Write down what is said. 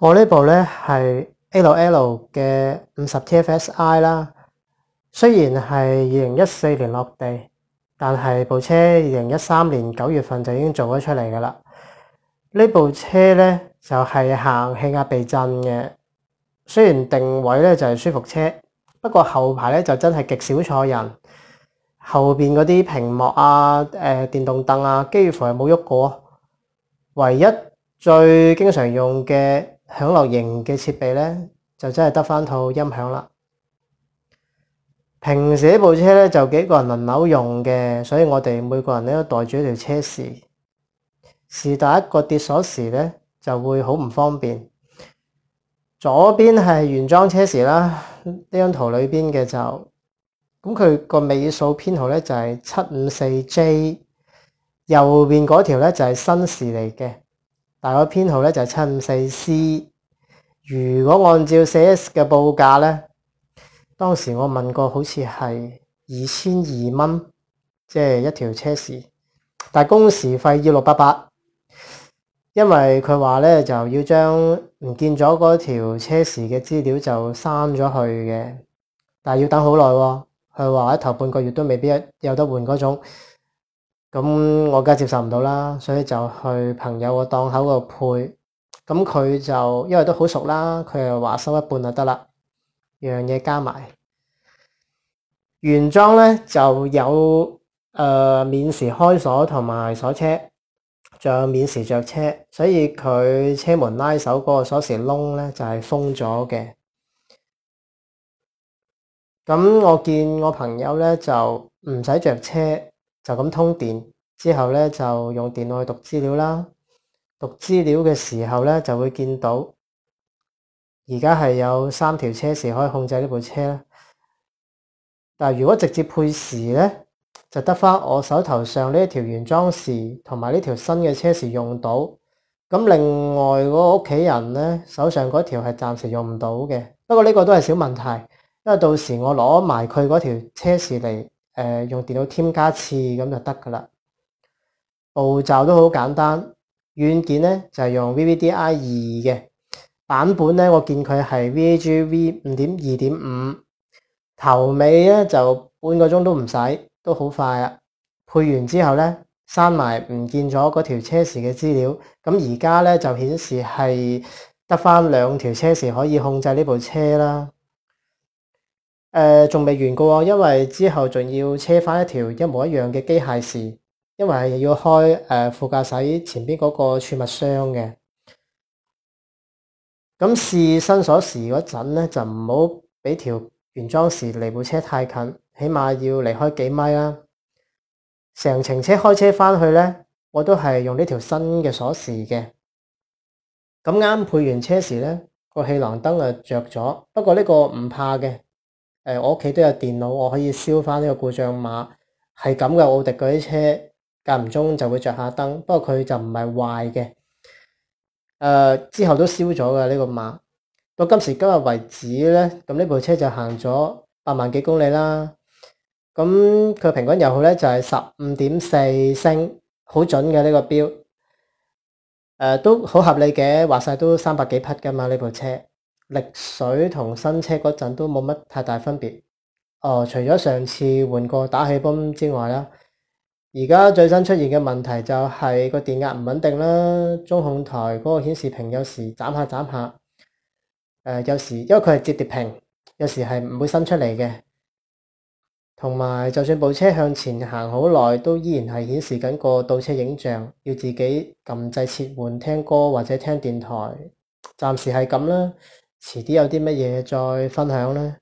我呢部咧係 A6L 嘅五十 TFSI 啦，雖然係二零一四年落地，但係部車二零一三年九月份就已經做咗出嚟噶啦。呢部車咧就係行氣壓避震嘅，雖然定位咧就係舒服車，不過後排咧就真係極少坐人，後邊嗰啲屏幕啊、誒、呃、電動凳啊，幾乎係冇喐過。唯一最經常用嘅。享樂型嘅設備呢，就真係得返套音響啦。平時部車呢，就幾個人輪流用嘅，所以我哋每個人咧都袋住一條車匙。是但一個跌鎖匙呢，就會好唔方便。左邊係原裝車匙啦，呢張圖裏邊嘅就咁，佢個尾數編號呢，就係七五四 J。右邊嗰條咧就係新匙嚟嘅。但係個編號咧就係七五四 C，如果按照四 S 嘅報價咧，當時我問過好似係二千二蚊，即係一條車匙。但係工時費要六百八，因為佢話咧就要將唔見咗嗰條車匙嘅資料就刪咗去嘅，但係要等好耐，佢話喺頭半個月都未必有得換嗰種。咁我梗係接受唔到啦，所以就去朋友個檔口度配，咁佢就因為都好熟啦，佢又話收一半就得啦，樣嘢加埋原裝咧就有誒、呃、免匙開鎖同埋鎖車，仲有免匙着車，所以佢車門拉手嗰個鎖匙窿咧就係、是、封咗嘅。咁我見我朋友咧就唔使着車。就咁通電之後咧，就用電腦去讀資料啦。讀資料嘅時候咧，就會見到而家係有三條車匙可以控制呢部車。但係如果直接配匙咧，就得翻我手頭上呢一條原裝匙同埋呢條新嘅車匙用到。咁另外嗰個屋企人咧，手上嗰條係暫時用唔到嘅。不過呢個都係小問題，因為到時我攞埋佢嗰條車匙嚟。誒，用電腦添加次咁就得噶啦，步驟都好簡單軟呢，軟件咧就係用 VVDI 二嘅版本咧，我見佢係 VAG V 五點二點五，頭尾咧就半個鐘都唔使，都好快啊！配完之後咧，刪埋唔見咗嗰條車匙嘅資料，咁而家咧就顯示係得翻兩條車匙可以控制呢部車啦。誒，仲未、呃、完噶喎，因為之後仲要車翻一條一模一樣嘅機械匙，因為要開誒副駕駛前邊嗰個儲物箱嘅。咁試新鎖匙嗰陣咧，就唔好俾條原裝匙離部車太近，起碼要離開幾米啦。成程車開車翻去咧，我都係用呢條新嘅鎖匙嘅。咁啱配完車匙咧，個氣囊燈啊着咗，不過呢個唔怕嘅。誒，我屋企都有電腦，我可以消翻呢個故障碼，係咁嘅。奧迪嗰啲車，間唔中就會着下燈，不過佢就唔係壞嘅。誒、呃，之後都消咗嘅呢個碼。到今時今日為止咧，咁呢部車就行咗八萬幾公里啦。咁佢平均油耗咧就係十五點四升，好準嘅呢、呢個標。誒、呃，都好合理嘅，話晒都三百幾匹㗎嘛，呢部車。力水同新車嗰陣都冇乜太大分別，哦，除咗上次換過打氣泵之外啦，而家最新出現嘅問題就係個電壓唔穩定啦，中控台嗰個顯示屏有時眨下眨下，誒、呃，有時因為佢係折疊屏，有時係唔會伸出嚟嘅，同埋就算部車向前行好耐，都依然係顯示緊個倒車影像，要自己撳掣切換聽歌或者聽電台，暫時係咁啦。遲啲有啲乜嘢再分享咧。